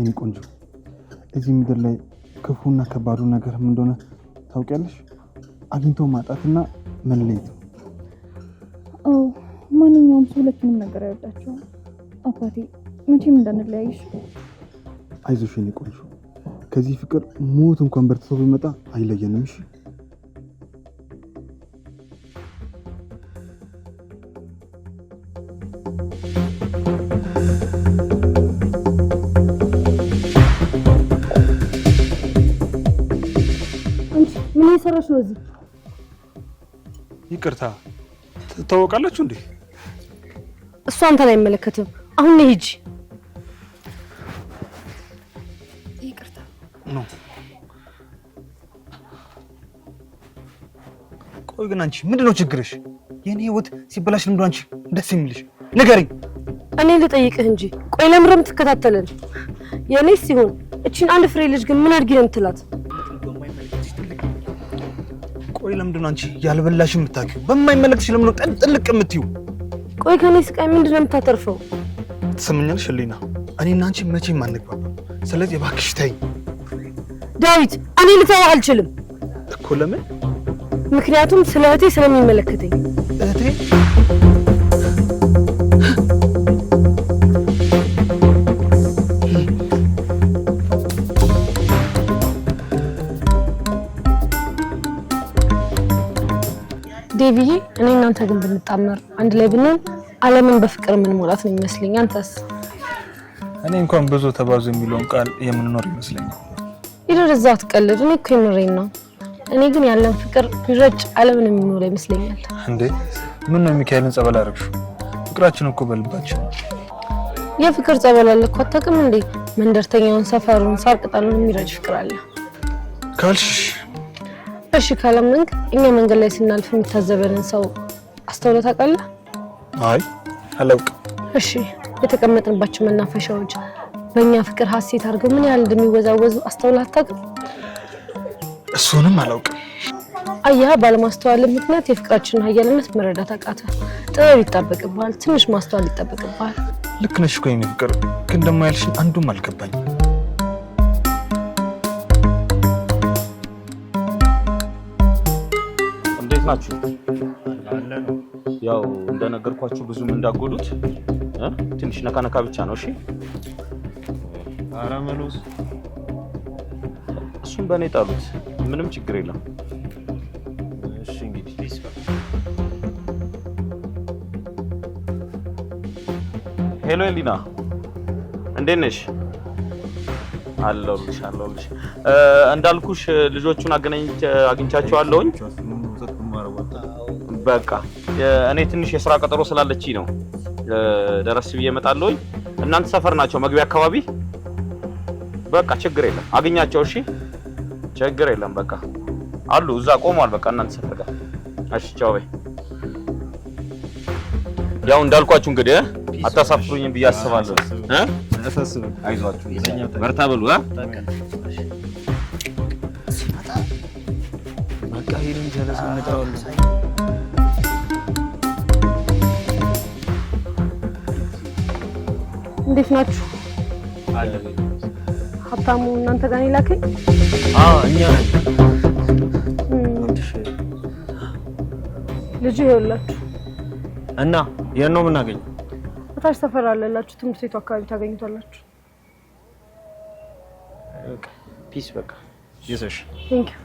የኔ ቆንጆ እዚህ ምድር ላይ ክፉና ከባዱ ነገር ምን እንደሆነ ታውቂያለሽ? አግኝቶ ማጣትና መለየት ነው። ማንኛውም ሰው ሁለቱንም ነገር አይወዳቸውም። አባቴ መቼም እንዳንለያይሽ። አይዞሽ የኔ ቆንጆ ከዚህ ፍቅር ሞት እንኳን በርትቶ ቢመጣ አይለየንም። እሺ ይቅርታ፣ ትታወቃላችሁ እንዴ? እሱ አንተን አይመለከትም። አሁን ነው ሂጂ። ይቅርታ ኖ። ቆይ ግን አንቺ ምንድነው ችግርሽ? የኔ ህይወት ሲበላሽ ልምዶ አንቺ ደስ የሚልሽ ንገሪኝ። እኔ ልጠይቅህ እንጂ ቆይ ለምረም ትከታተለን። የእኔ ሲሆን እቺን አንድ ፍሬ ልጅ ግን ምን አድርጊ ነው የምትላት? ቆይ ለምንድን ነው አንቺ ያልበላሽ የምታውቂው? በማይመለክትሽ ለምንድን ነው ጠንጥልቅ የምትይው? ቆይ ከኔ ስቃይ ምንድን ነው የምታተርፈው? ትሰምኛለሽ ህሊና፣ እኔና አንቺ መቼም አንግባባ። ስለዚህ እባክሽ ዳዊት፣ እኔ ልተው አልችልም እኮ። ለምን? ምክንያቱም ስለ እህቴ ስለሚመለከተኝ። እህቴ አንተ ግን ብንጣመር አንድ ላይ ብንሆን ዓለምን በፍቅር የምንሞላት ነው ይመስለኝ። አንተስ? እኔ እንኳን ብዙ ተባዙ የሚለውን ቃል የምንኖር ይመስለኛል። ይድር እዛ አትቀልድ። እኔ እኮ የምሬን ነው። እኔ ግን ያለን ፍቅር ቢረጭ ዓለምን የሚሞላ ይመስለኛል። እንዴ ምን ነው የሚካኤልን ጸበል አረግሹ? ፍቅራችን እኮ በልባችን የፍቅር ጸበል አለ እኮ አታውቅም እንዴ? መንደርተኛውን፣ ሰፈሩን፣ ሳር ቅጠሉን የሚረጭ ፍቅር አለ ካልሽ እሺ ካላመንክ እኛ መንገድ ላይ ስናልፍ የሚታዘበንን ሰው አስተውለህ ታውቃለህ? አይ አላውቅም። እሺ የተቀመጥንባቸው መናፈሻዎች በእኛ ፍቅር ሀሴት አድርገው ምን ያህል እንደሚወዛወዙ አስተውለህ አታውቅም? እሱንም አላውቅም። አየህ፣ ባለማስተዋል ምክንያት የፍቅራችንን ኃያልነት መረዳት አቃተ። ጥበብ ይጠበቅብሃል፣ ትንሽ ማስተዋል ይጠበቅብሃል። ልክ ነሽ እኮ የኔ ፍቅር፣ ግን ደግሞ ያልሽን አንዱም አልገባኝ። እንዴት ናችሁ? ያው እንደነገርኳችሁ ብዙም እንዳጎዱት ትንሽ ነካ ነካ ብቻ ነው። እሺ አረመሎስ እሱን በእኔ ጣሉት፣ ምንም ችግር የለም። ሄሎ ኤሊና እንዴት ነሽ? አለሁልሽ አለሁልሽ። እንዳልኩሽ ልጆቹን አገናኝ አግኝቻቸዋለሁኝ። በቃ እኔ ትንሽ የስራ ቀጠሮ ስላለችኝ ነው ደረስ ብዬ እመጣለሁኝ። እናንተ ሰፈር ናቸው መግቢያ አካባቢ። በቃ ችግር የለም አግኛቸው። እሺ ችግር የለም በቃ አሉ እዛ ቆመዋል። በቃ እናንተ ሰፈር ጋር። እሺ ቻው። በይ ያው እንዳልኳችሁ እንግዲህ አታሳፍሩኝም ብዬ አስባለሁ። አይዟችሁ በርታ በሉ። በቃ ሄድን ጀለስ እንጠራዋለን እንዴት ናችሁ? ሀብታሙ እናንተ ጋር ነው ላከኝ። እኛ ልጁ ይኸውላችሁ። እና የት ነው የምናገኘው? እታች ሰፈር አለላችሁ፣ ትምህርት ቤቱ አካባቢ ታገኙታላችሁ። ፒስ በቃ ይዘሽ ቴንኪው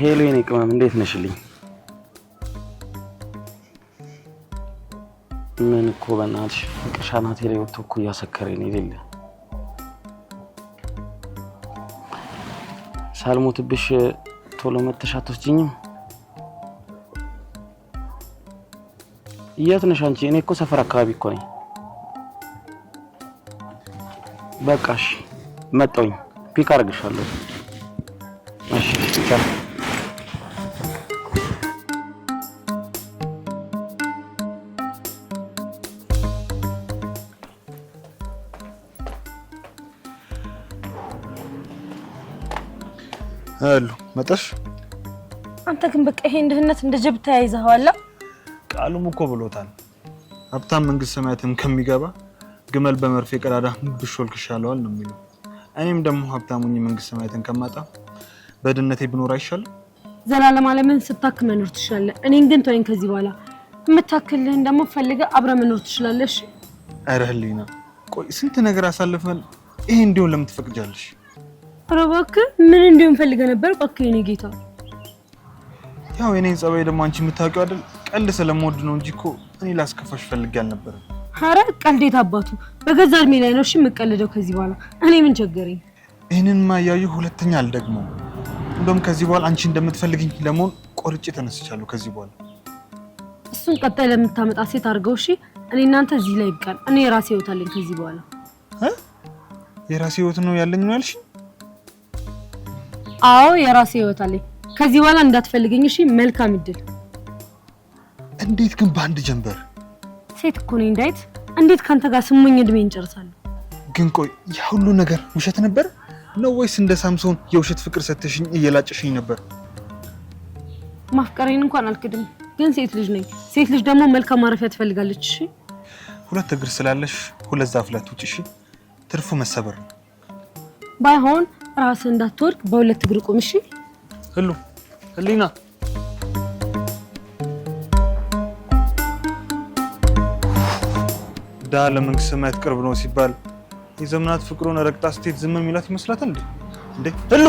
ሄሎ የኔ ቅመም እንዴት ነሽልኝ? ምን እኮ በእናትሽ ፍቅር ሻናቴ ላይ ወጥቶ እኮ እያሰከረኝ የሌለ ሳልሞትብሽ ቶሎ መተሽ አትወስጂኝም? የት ነሽ አንቺ? እኔ እኮ ሰፈር አካባቢ እኮ ነኝ። በቃሽ መጣሁኝ፣ ፒክ አድርግሻለሁ። እሺ ቻው መጣሽ። አንተ ግን በቃ ይሄን ድህነት እንደ ጀብታ ያይዘዋላ። ቃሉም እኮ ብሎታል ሀብታም መንግስት ሰማያትን ከሚገባ ግመል በመርፌ ቀዳዳ ብሾልክ ይሻለዋል ነው የሚለው። እኔም ደግሞ ሀብታሙኝ መንግስት ሰማያትን ከማጣ በድህነቴ ብኖር አይሻልም? ዘላለም ዓለምን ስታክ መኖር ትችላለህ። እኔን ግን ተወኝ። ከዚህ በኋላ የምታክልህን ደግሞ ፈልገህ አብረን መኖር ትችላለሽ። ኧረ ህሊና፣ ቆይ ስንት ነገር አሳልፈን ይሄ እንዲሁ ለምን ትፈቅጃለሽ? ኧረ እባክህ ምን እንዲሆን ፈልገህ ነበር? እባክህ የኔ ጌታ። ያው የኔን ጸባይ ደግሞ አንቺ የምታውቂው አይደል? ቀልድ ስለምወድ ነው እንጂ እኮ እኔ ላስከፋሽ ፈልጌ አልነበረም። ኧረ ቀልዴት አባቱ በገዛ እድሜ ላይ ነው እሺ የምቀልደው። ከዚህ በኋላ እኔ ምን ቸገረኝ? ይህንንማ ማያዩ ሁለተኛ አልደግሞ። እንደውም ከዚህ በኋላ አንቺ እንደምትፈልግኝ ለመሆን ቆርጬ ተነስቻለሁ። ከዚህ በኋላ እሱን ቀጣይ ለምታመጣ ሴት አድርገው እሺ። እኔ እናንተ እዚህ ላይ ይብቃል። እኔ የራሴ ህይወት አለኝ ከዚህ በኋላ የራሴ ህይወት ነው ያለኝ ነው ያልሽኝ? አዎ የራሴ ህይወት አለኝ። ከዚህ በኋላ እንዳትፈልገኝ እሺ። መልካም እድል። እንዴት ግን በአንድ ጀንበር? ሴት እኮ ነኝ ዳዊት። እንዴት ካንተ ጋር ስሙኝ እድሜ እንጨርሳለሁ። ግን ቆይ ያ ሁሉ ነገር ውሸት ነበር ነው ወይስ እንደ ሳምሶን የውሸት ፍቅር ሰተሽኝ እየላጨሽኝ ነበር? ማፍቀሬን እንኳን አልክድም፣ ግን ሴት ልጅ ነኝ። ሴት ልጅ ደግሞ መልካም ማረፊያ ትፈልጋለች። እሺ ሁለት እግር ስላለሽ ሁለት ዛፍ ላትውጭ። እሺ ትርፉ መሰበር ነው። ባይሆን ራስህ እንዳትወርቅ በሁለት እግር ቁም። እሺ ህሉ ህሊና ዳ ለመንግስት ሰማያት ቅርብ ነው ሲባል የዘመናት ፍቅሩን ረግጣ ስትሄድ ዝም የሚላት ይመስላታል እንዴ? እንዴ ህሉ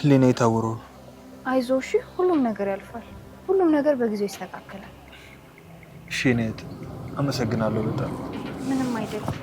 ህሊና አይዞ ሺ ሁሉም ነገር ያልፋል። ሁሉም ነገር በጊዜው ይስተካከላል። እሺ፣ አመሰግናለሁ በጣም ምንም አይደለም።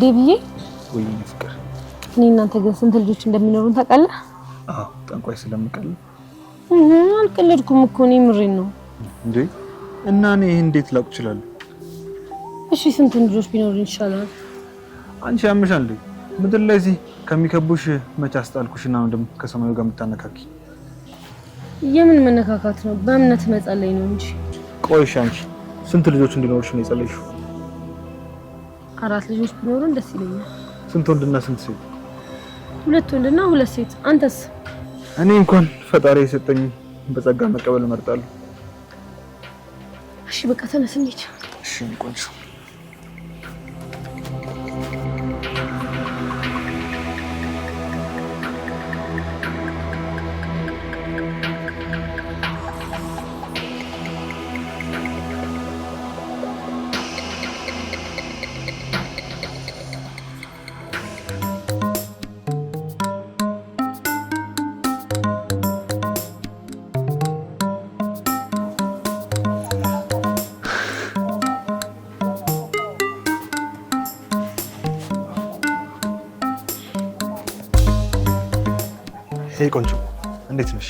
ዴብዬ ወይ ፍቅር፣ እኔ እናንተ ግን ስንት ልጆች እንደሚኖሩን ታውቃለህ? አዎ ጠንቋይ ስለምቀልድ አልቀለድኩም እኮ እኔ ምሬን ነው እንዴ። እና እኔ እንዴት ላውቅ እችላለሁ? እሺ ስንት ልጆች ቢኖሩን ይሻላል? አንቺ ያምሻል እንዴ? ምድር ላይ እዚህ ከሚከቡሽ መቼ አስጣልኩሽና ደግሞ ከሰማዩ ጋር የምታነካኪ? የምን መነካካት ነው? በእምነት መጸለይ ነው እንጂ። ቆይሽ አንቺ ስንት ልጆች እንዲኖርሽ ነው የጸለይሽው? አራት ልጆች ቢኖሩን ደስ ይለኛል። ስንት ወንድና ስንት ሴት? ሁለት ወንድና ሁለት ሴት። አንተስ? እኔ እንኳን ፈጣሪ የሰጠኝ በጸጋ መቀበል እመርጣለሁ። እሺ በቃ ተነስ እንሂድ። እሺ ቆንጆ ሄይ ቆንጆ እንዴት ነሽ?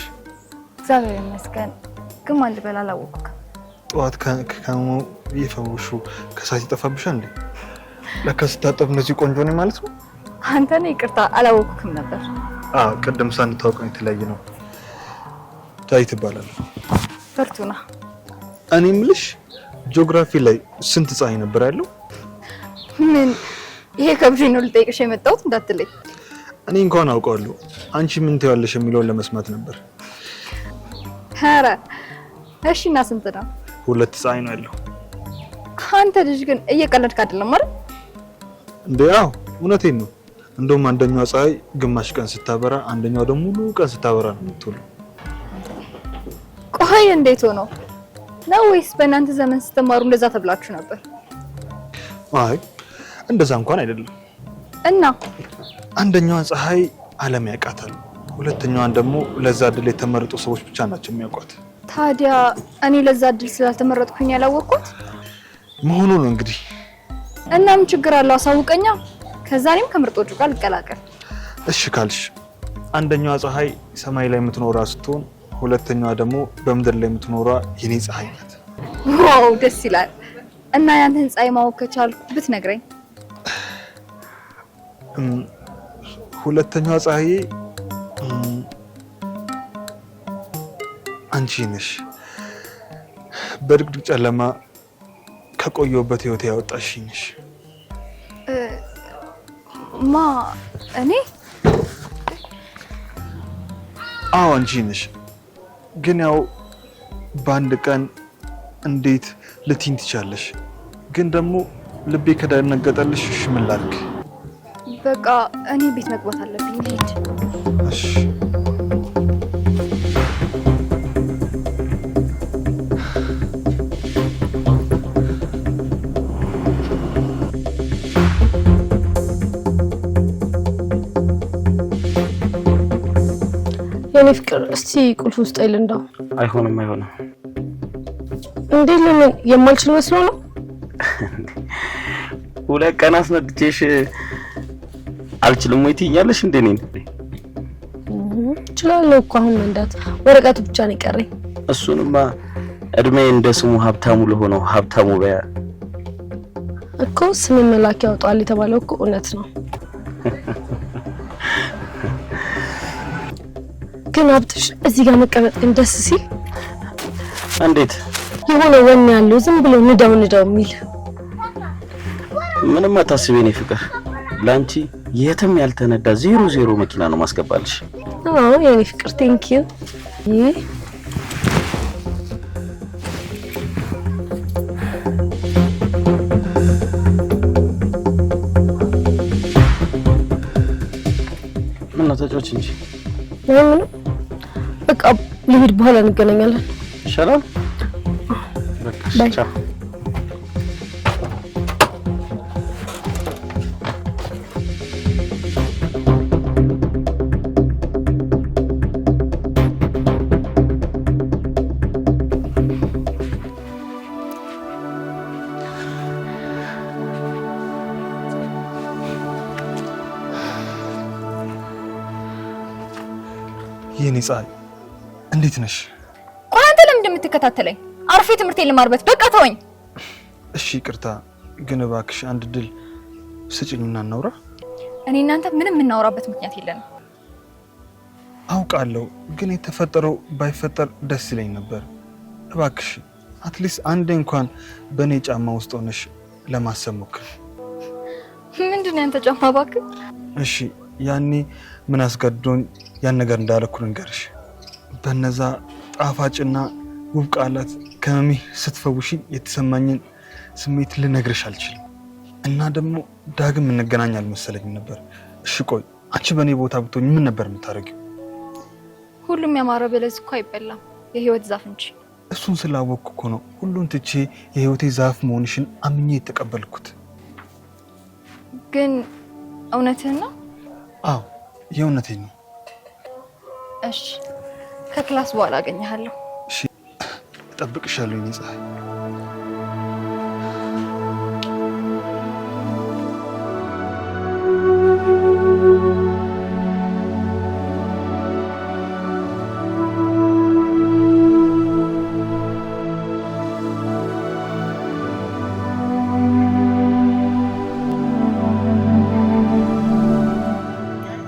እግዚአብሔር ይመስገን። ግን ማን ልበል አላወቅኩም። ጠዋት ከሞ እየፈወሹ ከሳት ይጠፋብሻል እንዴ? ለካ ስታጠብ እነዚህ ቆንጆ ነኝ ማለት ነው። አንተ ነህ። ይቅርታ አላወቅኩም ነበር። አዎ ቅድም ሳንታወቀን የተለያየ ነው። ታይ ትባላል። ፈርቱና እኔ ምልሽ ጂኦግራፊ ላይ ስንት ፀሐይ ነበር ያለው? ምን ይሄ ከብሽ ነው ልጠይቅሽ የመጣሁት እንዳትለኝ። እኔ እንኳን አውቀዋለሁ። አንቺ ምን ትያለሽ የሚለውን ለመስማት ነበር። ኧረ እሺ። እና ስንት ነው? ሁለት ፀሐይ ነው ያለው። አንተ ልጅ ግን እየቀለድክ አይደለም አይደል? እንዴ አዎ፣ እውነቴን ነው። እንደውም አንደኛዋ ፀሐይ ግማሽ ቀን ስታበራ፣ አንደኛዋ ደግሞ ሙሉ ቀን ስታበራ ነው የምትውለው። ቆይ እንዴት ሆኖ ነው? ወይስ በእናንተ ዘመን ስትማሩ እንደዛ ተብላችሁ ነበር? አይ እንደዛ እንኳን አይደለም እና አንደኛዋን ፀሐይ ዓለም ያውቃታል። ሁለተኛዋን ደግሞ ለዛ እድል የተመረጡ ሰዎች ብቻ ናቸው የሚያውቋት። ታዲያ እኔ ለዛ ድል ስላልተመረጥኩኝ ያላወቅኩት መሆኑ ነው እንግዲህ። እናም ችግር አለው አሳውቀኛ፣ ከዛ እኔም ከምርጦቹ ጋር ልቀላቀል። እሺ ካልሽ፣ አንደኛዋ ፀሐይ ሰማይ ላይ የምትኖራ ስትሆን ሁለተኛዋ ደግሞ በምድር ላይ የምትኖራ የኔ ፀሐይ ናት። ዋው ደስ ይላል። እና ያንተን ፀሐይ ማወቅ ከቻልኩ ብትነግረኝ ሁለተኛዋ ፀሐዬ አንቺ ነሽ። በድቅድቅ ጨለማ ከቆየሁበት ህይወት ያወጣሽኝሽ። ማ እኔ? አዎ አንቺ ነሽ። ግን ያው በአንድ ቀን እንዴት ልትይኝ ትቻለሽ? ግን ደግሞ ልቤ ከደነገጠልሽ እሺ ላድርግ? በቃ እኔ ቤት መግባት አለብኝ። ልሂድ። የኔ ፍቅር እስቲ ቁልፍ ውስጥ ይል እንዳው አይሆንም፣ አይሆንም። እንዴ ለምን የማልችል መስሎ ነው? ሁለት ቀን አስነግቼሽ አልችልም ወይ ትይኛለሽ እንዴ? ነኝ እችላለሁ እኮ አሁን መንዳት፣ ወረቀቱ ብቻ ነው የቀረኝ። እሱንማ እድሜ እንደ ስሙ ሀብታሙ ለሆነው ሀብታሙ በያ እኮ ስም መላክ ያውጣል የተባለው እኮ እውነት ነው። ግን ሀብትሽ እዚህ ጋር መቀመጥ ግን ደስ ሲል እንዴት የሆነ ወኔ ያለው ዝም ብሎ ንዳው ንዳው የሚል ምንም አታስቤ፣ ፍቅር ላንቺ የትም ያልተነዳ ዜሮ ዜሮ መኪና ነው ማስገባልሽ። አዎ የኔ ፍቅር ቴንኪው። ምነው ተጫወች እንጂ ምንም። በቃ ልሂድ፣ በኋላ እንገናኛለን። ይሻላል። በቃ የኔ ፀሐይ እንዴት ነሽ? ቆይ አንተ ለምን እንደምትከታተለኝ? አርፌ ትምህርቴን ልማርበት። በቃ ተወኝ። እሺ ቅርታ ግን እባክሽ አንድ ድል ስጭኝና እናውራ። እኔ እናንተ ምንም የምናወራበት ምክንያት የለንም። አውቃለሁ፣ ግን የተፈጠረው ባይፈጠር ደስ ይለኝ ነበር። እባክሽ አትሊስት አንዴ እንኳን በእኔ ጫማ ውስጥ ሆነሽ ለማሰብ ሞክር። ምንድን ነው ያንተ ጫማ እባክህ? እሺ ያኔ ምን አስገድዶኝ ያን ነገር እንዳለኩ ንገርሽ። በነዛ ጣፋጭና ውብ ቃላት ከመሚ ስትፈውሽ የተሰማኝን ስሜት ልነግርሽ አልችልም። እና ደግሞ ዳግም እንገናኝ አልመሰለኝም ነበር። እሺ ቆይ አንቺ በእኔ ቦታ ብትሆኝ ምን ነበር የምታደርጊው? ሁሉም ያማረ በለስ እኮ አይበላም፣ የህይወት ዛፍ እንጂ። እሱን ስላወቅኩ እኮ ነው ሁሉን ትቼ የህይወቴ ዛፍ መሆንሽን አምኜ የተቀበልኩት። ግን እውነትህን ነው? አዎ የእውነቴን ነው። እሺ፣ ከክላስ በኋላ አገኘሃለሁ። እሺ፣ እጠብቅሻለሁ የኔ ፀሐይ።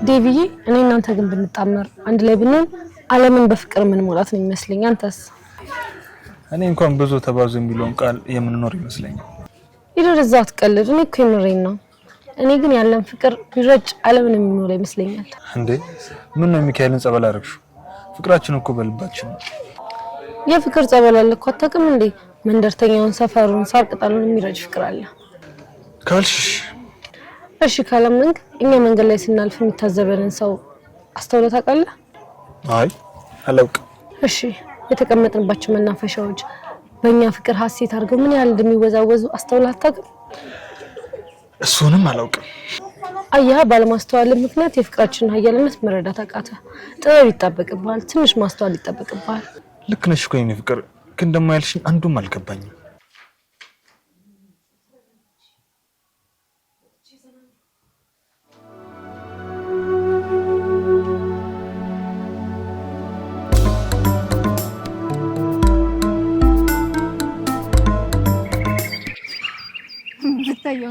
ዴቪዬ እኔ እናንተ ግን ብንጣመር አንድ ላይ ብንሆን ዓለምን በፍቅር ሞላት ነው የሚመስለኝ። አንተስ? እኔ እንኳን ብዙ ተባዙ የሚለውን ቃል የምንኖር ይመስለኛል። ይደር እዛ አትቀልድ። እኔ እኮ የምሬን ነው። እኔ ግን ያለን ፍቅር ቢረጭ ዓለምን የሚሞላ ይመስለኛል። እንዴ ምን ነው የሚካኤልን ጸበል አረግሹ? ፍቅራችን እኮ በልባችን ነው። የፍቅር ጸበል አለ እኮ አታውቅም እንዴ? መንደርተኛውን፣ ሰፈሩን፣ ሳር ቅጠሉን የሚረጭ ፍቅር አለ ካልሽ እሺ ካላመንክ እኛ መንገድ ላይ ስናልፍ የሚታዘበንን ሰው አስተውለህ ታውቃለህ? አይ አላውቅም። እሺ የተቀመጥንባቸው መናፈሻዎች በእኛ ፍቅር ሀሴት አድርገው ምን ያህል እንደሚወዛወዙ አስተውለህ አታውቅም? እሱንም አላውቅም። አያ ባለማስተዋል ምክንያት የፍቅራችንን ኃያልነት መረዳት አቃተ። ጥበብ ይጠበቅብሃል፣ ትንሽ ማስተዋል ይጠበቅብሃል። ልክ ነሽ እኮ የኔ ፍቅር፣ ግን አንዱም አልገባኝም።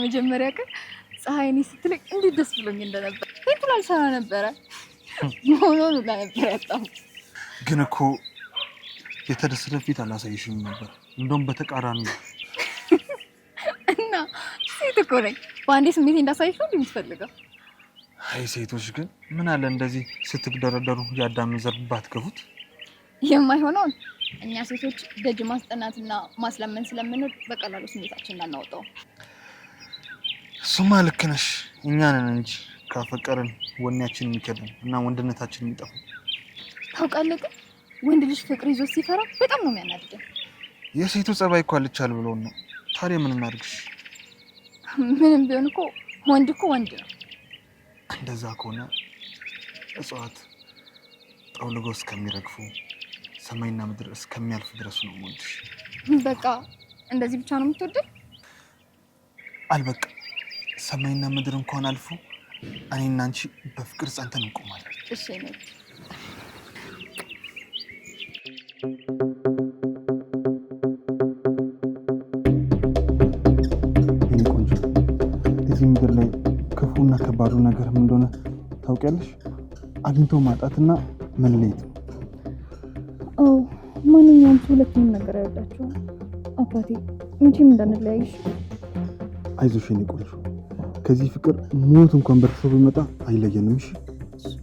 መጀመሪያ ቀን ፀሐይኔ ስትለቅ እንዴት ደስ ብሎኝ እንደነበር እንቁላል ሰራ ነበረ መሆኑን ሁላ ነበር ያጣሁ። ግን እኮ የተደሰተ ፊት አላሳየሽም ነበር፣ እንደውም በተቃራኒ እና ሴት እኮ ነኝ። በአንዴ ስሜቴ እንዳሳየሽ ነው የምትፈልገው? አይ ሴቶች ግን ምን አለ እንደዚህ ስትደረደሩ የአዳምን ዘር ባትገፉት። የማይሆነውን እኛ ሴቶች ደጅ ማስጠናትና ማስለመን ስለምንወድ በቀላሉ ስሜታችን እናናወጣው። ስማ ልክ ነሽ። እኛ ነን እንጂ ካፈቀርን ወኔያችን የሚከደን እና ወንድነታችን የሚጠፉ ታውቃለህ ግን ወንድ ልጅ ፍቅር ይዞ ሲፈራ በጣም ነው የሚያናድደን። የሴቱ ጸባይ እኮ አልቻል ብሎን ነው። ታዲያ ምን እናድርግሽ? ምንም ቢሆን እኮ ወንድ እኮ ወንድ ነው። እንደዛ ከሆነ እጽዋት ጠውልጎ እስከሚረግፉ ሰማይና ምድር እስከሚያልፍ ድረስ ነው የምወድሽ። በቃ እንደዚህ ብቻ ነው የምትወደው? አልበቃ ሰማይና ምድር እንኳን አልፎ እኔና አንቺ በፍቅር ጸንተን እንቆማለን። እሺ ቆንጆ፣ እዚህ ነገር ምን እንደሆነ ታውቂያለሽ? አግኝቶ ማጣትና መለየት አዎ ማንኛውም ሰው ሁለቱንም ነገር አይወዳቸውም። አባቴ መቼም እንዳንለያይሽ። አይዞሽ የእኔ ቆንጆ ከዚህ ፍቅር ሞት እንኳን በርሶ ቢመጣ አይለየንም። እሺ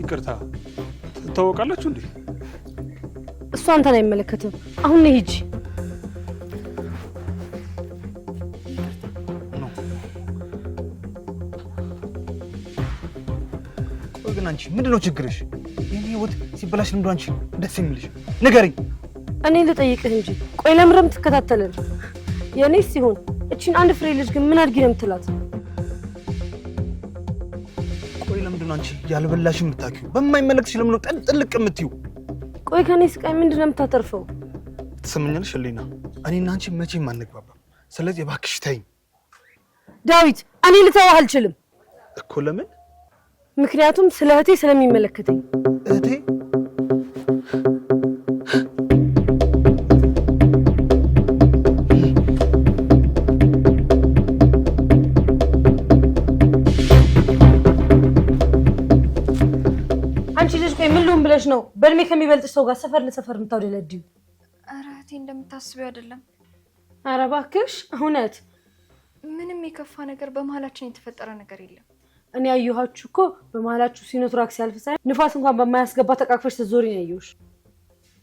ይቅርታ፣ ትታወቃላችሁ እንዴ? እሱ አንተን አይመለከትም። አሁን ነይ ሂጂ። ምንድነው ነው ችግርሽ? ይህን ህይወት ሲበላሽ ልምዶ አንቺ ደስ የሚልሽ ንገሪኝ። እኔ ልጠይቅህ እንጂ ቆይ ለምረም ነው የምትከታተለን? የእኔ ሲሆን እቺን አንድ ፍሬ ልጅ ግን ምን አድርጊ ነው የምትላት? ቆይ ለምንድን ነው አንቺ ያልበላሽ የምታኪው? በማይመለክትሽ ለምንድን ነው ጥልቅ የምትዩ? ቆይ ከእኔ ስቃይ ምንድን ነው የምታተርፈው? ትሰምኛለሽ ህሊና፣ እኔና አንቺ መቼም አንግባባም። ስለዚህ እባክሽ ተይኝ። ዳዊት፣ እኔ ልተዋህ አልችልም እኮ ለምን ምክንያቱም ስለ እህቴ ስለሚመለከተኝ። እህቴ አንቺ ልጅ ቆይ ምን ልሁን ብለሽ ነው በእድሜ ከሚበልጥሽ ሰው ጋር ሰፈር ለሰፈር የምታውደለድዩ? ኧረ እህቴ እንደምታስቢው አይደለም። ኧረ እባክሽ እውነት ምንም የከፋ ነገር በመሀላችን የተፈጠረ ነገር የለም። እኔ ያየኋችሁ እኮ በመሀላችሁ ሲኖትራክስ ያልፍ ሳይ ንፋስ እንኳን በማያስገባ ተቃቅፈሽ ስትዞሪ ነው ያየሁሽ።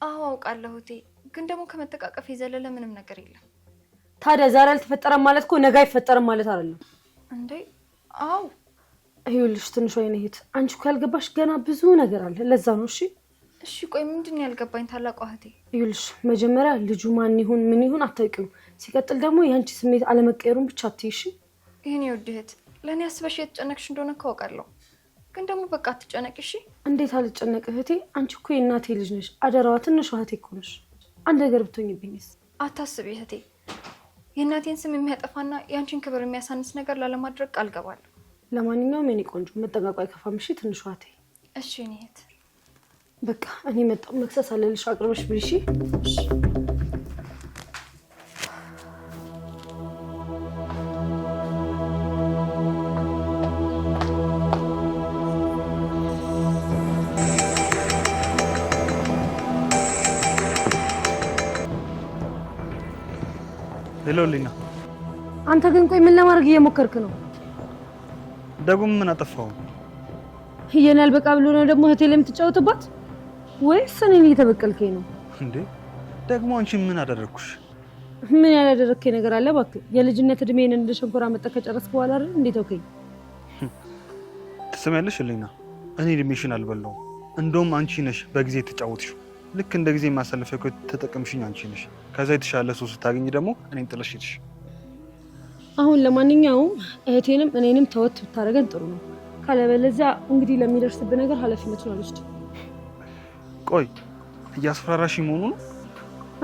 አዎ አውቃለሁ እቴ፣ ግን ደግሞ ከመጠቃቀፍ የዘለለ ምንም ነገር የለም። ታዲያ ዛሬ አልተፈጠረም ማለት እኮ ነገ አይፈጠርም ማለት አይደለም እንዴ? አዎ ይኸውልሽ፣ ትንሿ የእኔ እህት፣ አንቺ እኮ ያልገባሽ ገና ብዙ ነገር አለ። ለዛ ነው እሺ እሺ ቆይ ምንድን ነው ያልገባኝ? ታላቋ እህቴ ይኸውልሽ፣ መጀመሪያ ልጁ ማን ይሁን ምን ይሁን አታውቂውም። ሲቀጥል ደግሞ የአንቺ ስሜት አለመቀየሩን ብቻ አትይሽ። ይህን የውድ እህት ለእኔ አስበሽ የተጨነቅሽ እንደሆነ ካወቃለሁ፣ ግን ደግሞ በቃ አትጨነቅ እሺ። እንዴት አልጨነቅ እህቴ? አንቺ እኮ የእናቴ ልጅ ነሽ፣ አደራዋ ትንሿ እህቴ እኮ ነሽ። አንድ ነገር ብትሆኝብኝስ? አታስቢ እህቴ፣ የእናቴን ስም የሚያጠፋና የአንቺን ክብር የሚያሳንስ ነገር ላለማድረግ ቃል ገባለሁ። ለማንኛውም የኔ ቆንጆ መጠቃቋ አይከፋም እሺ? ትንሿ እህቴ። እሺ እኔ እህት፣ በቃ እኔ መጣሁ። መክሰስ አለልሽ አቅርበሽ ብልሽ ሄሎሊና አንተ ግን ቆይ ምን ለማድረግ እየሞከርክ ነው? ደጉም ምን አጠፋው? የኔ አልበቃ ብሎ ነው ደግሞ እህቴ ላይ የምትጫወትባት ወይስ እኔን እየተበቀልከኝ ነው እንዴ? ደግሞ አንቺ ምን አደረግኩሽ? ምን ያላደረግከኝ ነገር አለ? እባክህ የልጅነት እድሜን እንደ ሸንኮራ መጠጥ በኋላ አይደል እንዴ ተውከኝ። ትስሚያለሽ ሊና፣ እኔ እድሜሽን አልበላውም። እንደውም አንቺ ነሽ በጊዜ የተጫወትሽው ልክ እንደ ጊዜ የማሳለፊያ ኮ ተጠቀምሽኝ አንቺ ነሽ። ከዛ የተሻለ ሰው ስታገኝ ደግሞ እኔን ጥለሽሽ። አሁን ለማንኛውም እህቴንም እኔንም ተወት ብታደርገን ጥሩ ነው። ካለበለዚያ እንግዲህ ለሚደርስብህ ነገር ኃላፊነቱን አልወስድም። ቆይ እያስፈራራሽ መሆኑ ነው?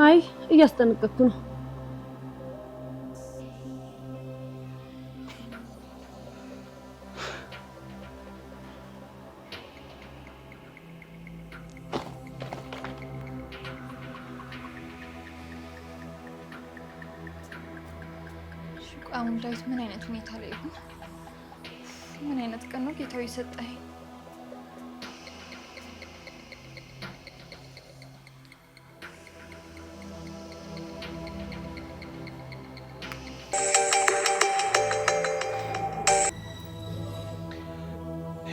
አይ እያስጠነቀቅኩ ነው። የነጻነት ቀን ነው ጌታዊ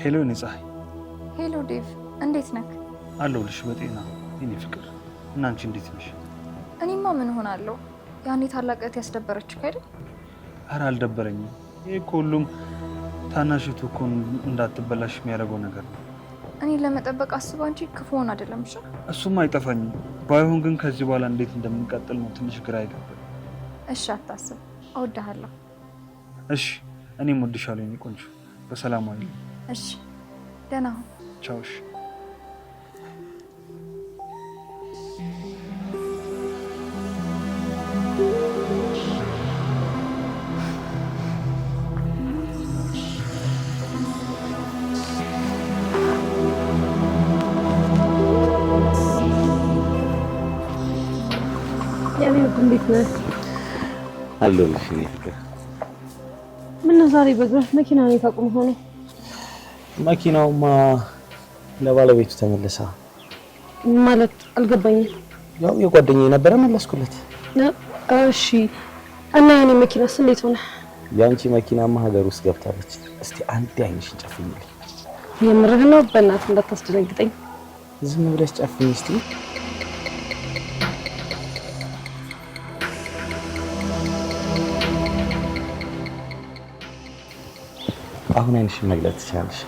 ሄሎ እኔ ፀሐይ። ሄሎ ዴቭ፣ እንዴት ነህ? አለሁልሽ በጤና የኔ ፍቅር። እና አንቺ እንዴት ነሽ? እኔማ ምን ሆናለሁ? ያኔ ታላቅ እህት ያስደበረችህ አይደል? ኧረ አልደበረኝም። ይሄ እኮ ሁሉም ታናሽቱ እኮ እንዳትበላሽ የሚያደርገው ነገር ነው። እኔ ለመጠበቅ አስባ እንጂ ክፉን አይደለም። እሺ እሱም አይጠፋኝም። ባይሆን ግን ከዚህ በኋላ እንዴት እንደምንቀጥል ነው ትንሽ ግራ አይገባኝ። እሺ አታስብ፣ እወድሃለሁ። እሺ እኔም ወድሻለሁ ቆንጆ። በሰላም ዋይ። እሺ ደህና ሁን። ቻውሽ እንዴት ነህ? አለሁልሽ እኔ ፍቅር። ምነው ዛሬ በእግረህ መኪና ነው የታቆመው? ሆነ መኪናውማ ለባለቤቱ ተመለሳ። ማለት አልገባኝም። ያው የጓደኛዬ የነበረ መለስኩለት። እሺ እና ያኔ መኪናስ እንዴት ሆነ? የአንቺ መኪናማ ሀገር ውስጥ ገብታለች። እስቲ አንድ አይንሽን ጨፍኝልኝ። የምርህ ነው? በእናትህ እንዳታስደነግጠኝ። ዝም ብለሽ ጨፍኝ እስቲ አሁን አይንሽን መግለጽ ትችላለሽ።